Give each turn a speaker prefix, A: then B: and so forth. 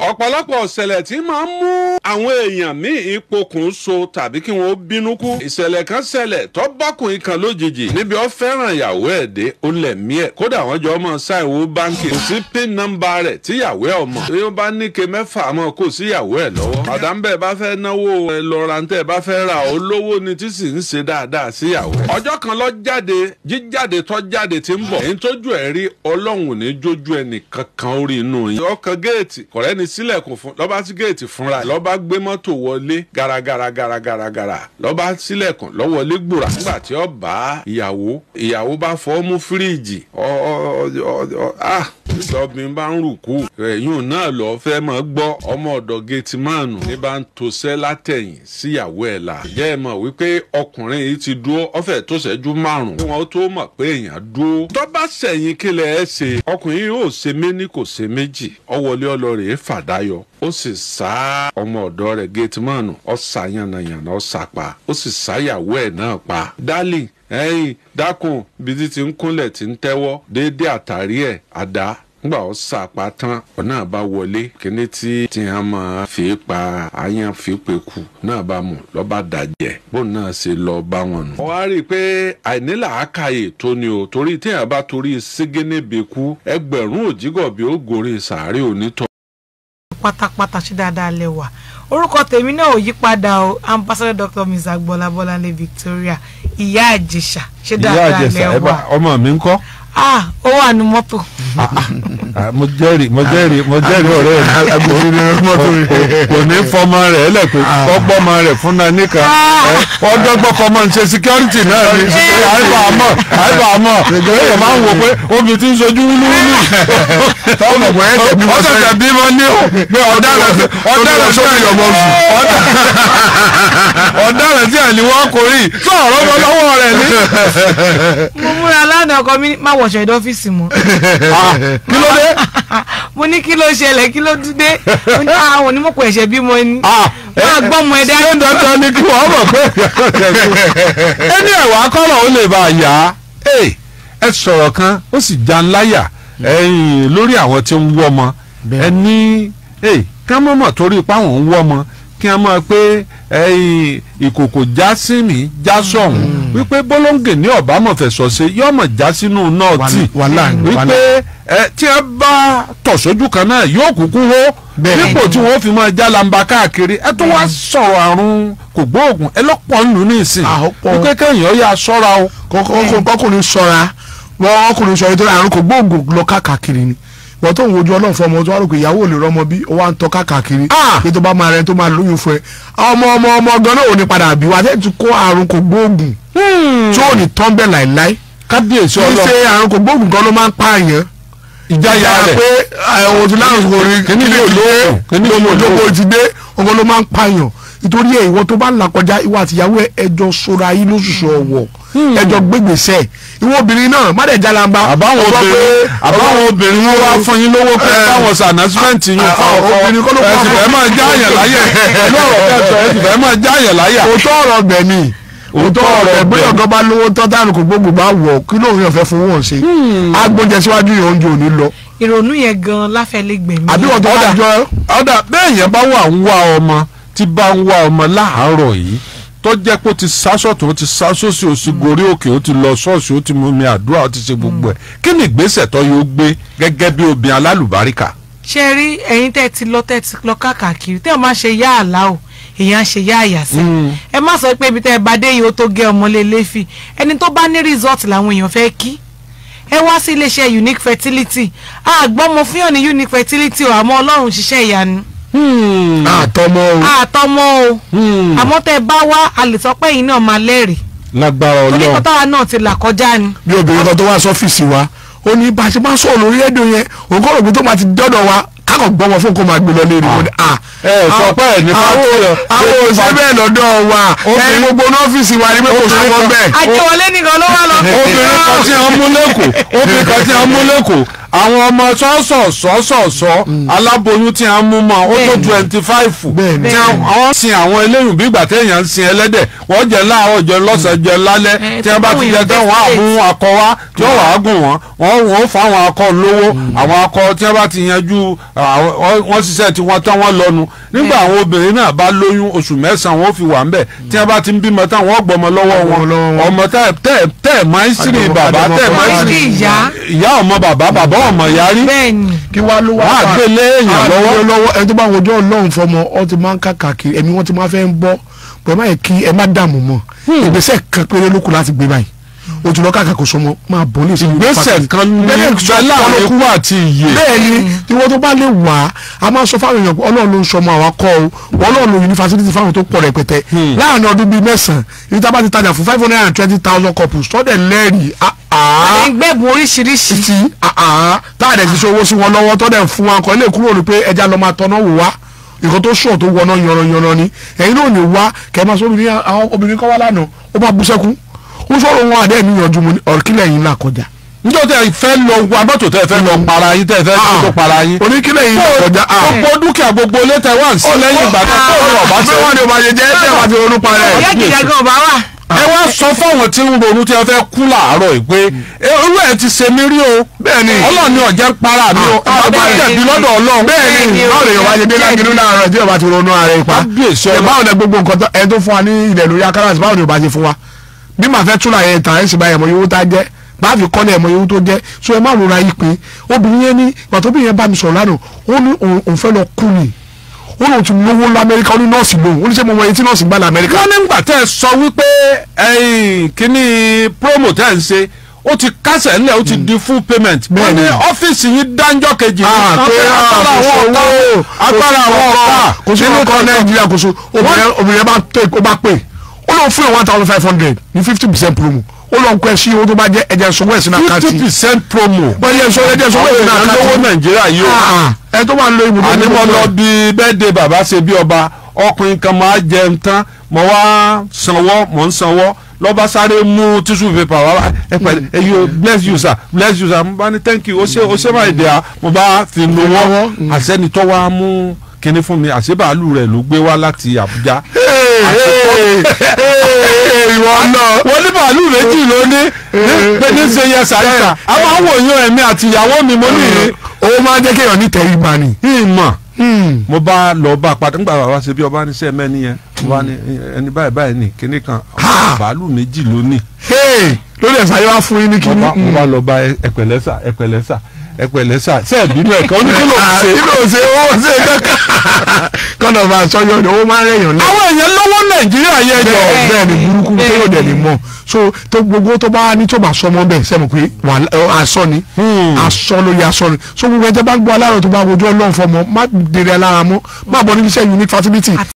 A: ọ̀pọ̀lọpọ̀ ìṣẹ̀lẹ̀ tí máa ń mú àwọn èèyàn ní ìpokùn so tàbí kí wọ́n bínú kú. ìṣẹ̀lẹ̀ kan ṣẹlẹ̀ tó bọ́kùnrin kan lójijì níbi ó fẹ́ràn ìyàwó ẹ̀ dé ó lẹ̀ mí ẹ̀ kódà wọ́n jọ ọmọ ṣàìwò báńkì kò sí pin nọ́mbà rẹ̀ tí ìyàwó ẹ̀ ọmọ tí wọ́n bá níke mẹ́fà mọ́ kò sí ìyàwó ẹ̀ lọ́wọ́. madam bẹ́ẹ̀ bá fẹ́ náwó lọ́ra tẹ́ ni tí sì ń ṣe dáadáa ni sílẹ̀kùn fún lọ́ba sí géètì fúnra lọ́ba gbé mọ́tò wọlé garagara garagara lọ́ba sílẹ̀kùn lọ́wọ́lé gbòòrà nígbà tí ó bá ìyàwó ìyàwó bá fọ́ mú fíríìjì ọ̀ ọ̀ ọ̀ ah lọ́bìn bá ń rùkú ẹ̀yìn náà lọ fẹ́ ma gbọ́ ọmọ ọ̀dọ̀ gẹ̀tìmánù ní bá ń tosẹ́ látẹ̀yìn síyàwó ẹ̀ la. ìyá ẹ̀ mọ̀ wípé ọkùnrin yìí ti dúró ọfẹ́ tó ṣẹ́jú márùn-ún wọ́n tó mọ̀ pé èèyàn dúró. ẹ̀ ṣe ọkùnrin yìí ò ṣe kò ṣe méjì fàdáyọ ó sì sá ọmọ ọ̀dọ̀ rẹ̀ ngbà ọ sàpá tán ọ̀nà bá wọlé kíní tí tí a máa fi pa àyàn fi pe kù náà bá mú lọ́ba dàjẹ́ bóun náà ṣe lọ bá wọn nù. wọ́n á rí i pé àìnílà àkàyè tó ni o torí téèyàn bá torí ségénébe kú ẹgbẹ̀rún òjigọ̀bí ó gorí sàárè onítọ̀.
B: pátápátá ṣe dáadáa lẹ́wà orúkọ tèmi náà ò yí padà o ambassador dr mrs agboola bọ́láńlé victoria ìyá àjèṣà ṣe dáadáa lẹ́wà. ìyá àjèṣà
A: ọmọ mi ń kọ́
B: ah ó wà ní mọ́tò.
A: Ah, mo jẹ́rìí mo jẹ́rìí mo jẹ́rìí ọ̀rẹ́ rẹ̀ kò ní fọmọ rẹ̀ ẹ lẹ́pẹ́ kọ́gbọ́mọ ah. rẹ̀ fúnna níkan ah. ọ̀dọ́gbọ́n fọmọ ṣe security náà ni àìbá àmọ́ àìbá àmọ́ èèyàn máa ń wò pé omi ti ń sojú wúlúwúlú. ọ̀sẹ̀ tàbí mo ní o pé ọ̀daràn ọ̀daràn sórí ọ̀gbọ̀n ọ̀daràn tí àníwọ̀n kò rí sọ̀rọ̀ mọ́ lọ́wọ́ rẹ̀ ní.
B: mo múra wọṣọ ìdọ́fíìsì mọ́. Ah, kí ló dé. mo ní kí ló ṣẹlẹ̀ kí ló dé ah, àwọn onímọ̀kọ ẹ̀ṣẹ̀ bímọ ni. máa ah, eh, gbọ́ ọmọ ẹ̀dá. ṣé dandan ni kí wọ́n mọ̀ pé ẹni
A: ẹ̀wà kọ́lọ̀ ó lè bá a yá ẹ sọ̀rọ̀ kan ó sì já ńláyà lórí àwọn tí ń wọ́ ọmọ ẹni ká torí ipá wọn ń wọ́ ọmọ kí wọ́n mọ̀ pé ìkòkò já sí mi já sọ̀hún hmm. Hmm. wípé bọ́lọ́ǹgè ní ọ̀bámọ̀fẹ̀sọ̀ ṣe yọ̀mọ̀ já sínú náà tì wípé tí wọ́n bá tọ̀ sójú kan náà yóò kúkú hó dípò tí wọ́n fi máa já lamba káàkiri ẹ tó wá hmm. sọ̀rọ̀ àrùn kògbóògùn ẹ lọ́pọ̀ ń
B: lù ní ìsìn wípé kéèyàn yà sọ́ra o. kọ́kùnrin sọ́ra wọ́n ọkùnrin sọ̀rọ̀ tó àrùn kògbóògùn lọ káàkiri ni wọ́n tó ń wojú ọlọ́run fún ọmọ tó wá rò pé ìyàwó lè rọmọ bí ó wá ń tọ́ káàkiri pé ah! tó bá máa rẹ tó máa lóyún fún ẹ ọmọ ọmọ ọmọ gan ò ní padà bí wa tẹ́tù kó àrùn kò gbóògùn hmm. tí ò ní tán bẹ́ẹ̀ láìláì kábíyèsí ọlọ́run ṣe àrùn kò gbóògùn gan ló máa ń pààyàn ìjáyà rẹ̀ pé eh, òtún láwọn kò rí kílè olówó olówó ti dé ọgbọ́n ló máa ń pààyàn nítorí Hmm. ẹjọ gbégbèsè ìwọ obìnrin náà má dẹ̀ jalamba. àbáwọn obìnrin àbáwọn obìnrin wọn wá fún yín lówó pé báwọn ṣe ànásímẹ́ǹtì yín fún ọkọ obìnrin kọ́ máa já àyàn láyà lọ́rọ̀ máa já àyàn òótọ́ ọ̀rọ̀ gbẹ̀mí òótọ́ ọ̀rọ̀ bóyá ọ̀gá bá lówó tán táwọn kò gbógun bá wọ̀ kí lóun yàn fẹ́ fún wọn ṣe hmm. agbóúnjẹ síwájú yẹn oúnjẹ ò ní lọ. ìrònú yẹn gan láfẹ́lẹ́ gbẹ̀mí. àbí wọ́n tó
A: bá jọ ọ́ tó jẹ́ pé ó ti sásọ̀tún ó ti sásòsì ó ti gorí òkè ó ti lọ ṣọ́ọ̀ṣì ó ti mú mi àdúrà ó ti ṣe gbogbo ẹ̀ kí ni ìgbésẹ̀ tó yóò gbé gẹ́gẹ́ bí obìnrin alálùbáríkà.
B: ṣe rí ẹ̀yin tẹ́ ti lọ tẹ́ ti lọ káàkiri tẹ́ ò máa ṣe yá àlá o èèyàn ṣe yá àyàsẹ hmm. ẹ má sọ pé ibi tẹ́ ẹ bá dé yìí ó tó gé ọmọ lélẹfì ẹni tó bá ní resort làwọn èèyàn fẹ́ kí ẹ wá sí iléeṣẹ́ unique fertility àgbọ́mọ fíyàn ní unique fertility ọ̀ àmọ́ ọlọ́run ṣiṣẹ́ ìyanu. Hmm àtọmọ o. àtọmọ o hmm. àmọ́ tẹ́ ẹ bá wá a lè sọ pé yín náà máa lẹ́rìí. lágbára ọlọ́run torí kọ́tà náà ti là kọjá ni. bí obìnrin kan tó wá sọ́fíìsì wa ó ní bá a ṣe máa ń sọ̀rọ̀ lórí rédíò yẹn òun òògùn tó máa ti dọ́dọ̀ wa kákọ̀ gbọ́mọ fún kó máa gbé lọ lé ní wọn. ẹ ẹ sọ pé ẹ ní pàtó rẹ. àwọn òṣèré bẹ́ẹ̀ lọ́dọ̀ wa ẹ gbogbo n'ọ́fíìsì wa ni pé kò sọ́kọ́ bẹ́ẹ̀. àjẹwọlé nìkan ló wà lọ. obìnrin kan tí wọ́n mú lẹ́kọ̀ọ́
A: obìnrin kan tí wọ́n àwọn ọmọ sọ́sọ̀sọ́sọ̀sọ́ mm. aláboyún tí a ń mú mọ́ ó tó twenty five tí wọ́n sin àwọn eléyìí bí ìgbà téèyàn ń sin ẹlẹ́dẹ̀ wọ́n jẹ láàárọ̀ jẹ lọ́sàn-án lálẹ́ mm. tí wọ́n bá ti jẹ tán wọ́n á mú mm. akọ wá tí wọ́n wàá gùn wọ́n wọ́n wọ́n fa àwọn akọ lówó àwọn akọ tí wọ́n bá ti yanjú wọ́n ṣiṣẹ́ tí wọ́n tán wọ́n lọ́nu nígbà àwọn obìnrin náà bá lóyún oṣù mẹ́sàn-án wọ́n fi wà ń bẹ̀ tí wọ́n bá ti ń bímọ tán wọ́n gbọ́mọ lọ́wọ́ wọn ọmọ tẹ́ẹ̀ tẹ maisiri baba tẹ maisiri
B: ìyá ọmọ baba baba ọmọ yarí kí wàá ló wàá gbé léèyàn lọ́wọ́ lọ́wọ́ ẹni tó bá wọjọ Ọlọ́run fọmọ ọ ti máa ń kàkà kiri ẹ̀mí wọn ti máa fẹ́ ń bọ pẹ̀lú ẹ kí ẹ má dààmú mọ́ hmm. ìgbésẹ̀ kan péré ló kù láti gbé báyìí ojúlọ káàkiri kò sọmọ máa bọ ní ìsinmi ìgbésẹ̀ kan ní láàrin ikú àti ìyè bẹ́ẹ̀ni tí wọn tó bá lè wà á máa sọ fáwọn èèyàn Ọlọ́run ló ń sọmọ àwa kọ o wọn Ọlọ́run ló yunifásitì fáwọn tó pọ̀ rẹpẹtẹ hmm. láàrin ọdún bíi mẹ́sàn ibi tá ti tajà fún five hundred and twenty thousand couples sọdẹ lẹ́rìí ah, ah. ẹgbẹ́bùn oríṣiríṣi. ti ah, tá a dẹ̀ ti ṣòwò sí wọn lọ́wọ́ tó dẹ̀ fún wọn kọ́ ilé kúrò ní pé ẹja lọ́ọ́ máa tọ́nà wò wá nǹkan tó sọ̀ tó wọná yanranyanran ni ẹ̀yin náà ò ní wá kẹ́ ẹ máa sọ obìnrin kọ́ wá lánàá ó bá bú sẹ́kún ó sọ̀rọ̀ wọn àdé mi yànjú mu ọ̀kílẹ̀ yín là kọjá. tẹ lọ wa mọ́tò tẹ fẹ́ mm. ah. lọ para yín tẹ fẹ́ tó para yín. oníkílẹ̀ yín là kọjá. Ah. gbogbo dúkìá
A: gbogbo ilé tẹ wá sí tó bá ni o máa ọba ah. ẹ wá sọ fáwọn tí ń ronú tí kú ti
B: o ni o ọba jẹ̀bi lọ́dọ̀ ọlọ́run bẹ́ẹ̀ni báwo lè yọba dé lágínú láàárọ̀ ti ronú ara ipa báwo gbogbo nǹkan bí màá fẹ́ túnra yẹn tàn ẹ́ sì bá ẹ̀mọ yòówó tá jẹ́ bá fi kọ́lé ẹ̀mọ yòówó tó jẹ́ so ẹ má rora yìí pé obìnrin yẹn ní pàtó bí yẹn bá mi sọ̀rọ̀ lánàá ó ní òun fẹ́ lọ kú ni ó lóun ti lówó lọ amẹ́ríkà ó ní nọ́ọ̀sì lòun ó ní ṣé mo mọ etí nọ́ọ̀sì gbà lọ amẹ́ríkà. wọ́n nígbà tẹ́ ẹ sọ
A: wípé kínní promo tẹ́ ẹ ń ṣe ó ti kásẹ̀ ńlẹ̀ ó ti hmm. di
B: full payment. Ah, wọ́n ní ọ́fíìsì yìí dánjọ́ kejì. agbára àwọn ọ̀tá agbára àwọn ọ̀tá nínú kan nàìjíríà kò so obìnrin bá pè olóò fún yẹn one thousand five hundred ní fifty percent promo olóòkú ẹsí owó tó bá jẹ ẹjẹ sọwọ ẹsìn náà kàtì fifty percent promo bọ́dí ẹsọ ẹjẹ sọwọ ẹsìn náà kàtì àwọn èèyàn lọ́wọ́ nàìjíríà yìí o ah, ẹ tó máa ń lo ibùdó ní mo lọ
A: bí bẹ́ẹ̀dẹ̀ bàbá ṣe bí ọba ọkùnrin kan máa jẹun tán mo wá sanwó mo ń sanwó lọ́ba sáré mú tissue paper wá ẹ pẹ̀lú ẹ yóò bless you sir bless you sir mo bá ní thank you ó ṣe ó ṣe máa dẹ̀ á mo bá fi nu wọ́n àṣẹ́nitọ́ wa mú kinní fún mi àṣẹ bàálù rẹ̀ ló gbé wá láti Àbújá ìwọ
B: náà wọ́n ní màálù méjì ló ní ní ṣe yẹ sàríkà a máa ń wòyàn ẹ̀mí àti ìyàwó mi mo ní. owó máa ń jẹ́ kéèyàn ní tẹ̀rí ma ni. ìmọ̀ hmm.
A: mo bá lọ bá padà nígbà bàbá ṣe bí ọba ní sẹ́ẹ̀mẹ́ nìyẹn ọba ní hmm. ẹni báyìí báyìí ní kíní kan màálù méjì ló ní. lórí ẹ̀sán yóò wá fún yín ní kíní. mo bá hmm. lọ bá ẹ̀pẹ̀lẹ́sà ẹ̀pẹ̀lẹ́sà ẹ̀pẹ̀lẹ́sà sẹ́ẹ̀bínú ẹ̀kan ó ní ah, kí ló ń ṣe ó ń ṣe ó ń ṣe kankan
B: kọ́nà máa sọ́yọ́ ni owó máa ń rẹ̀yàn náà. àwọn èèyàn lọ́wọ́ nàìjíríà yẹn jọ. bẹ́ẹ̀ ni burúkú tó yóò dẹ̀ ní mọ̀ so tó gbogbo tó bá ní tó bá sọmọ bẹ́ẹ̀ sẹ́mu pé asọ ni hmm. asọ lóye asọ ni so gbogbo ẹjẹ bá ń gbọ́ alárò tó bá wojú ọlọ́run fọmọ má dèrè alára mọ́ má bọ́ níbi iṣẹ́ unique facility.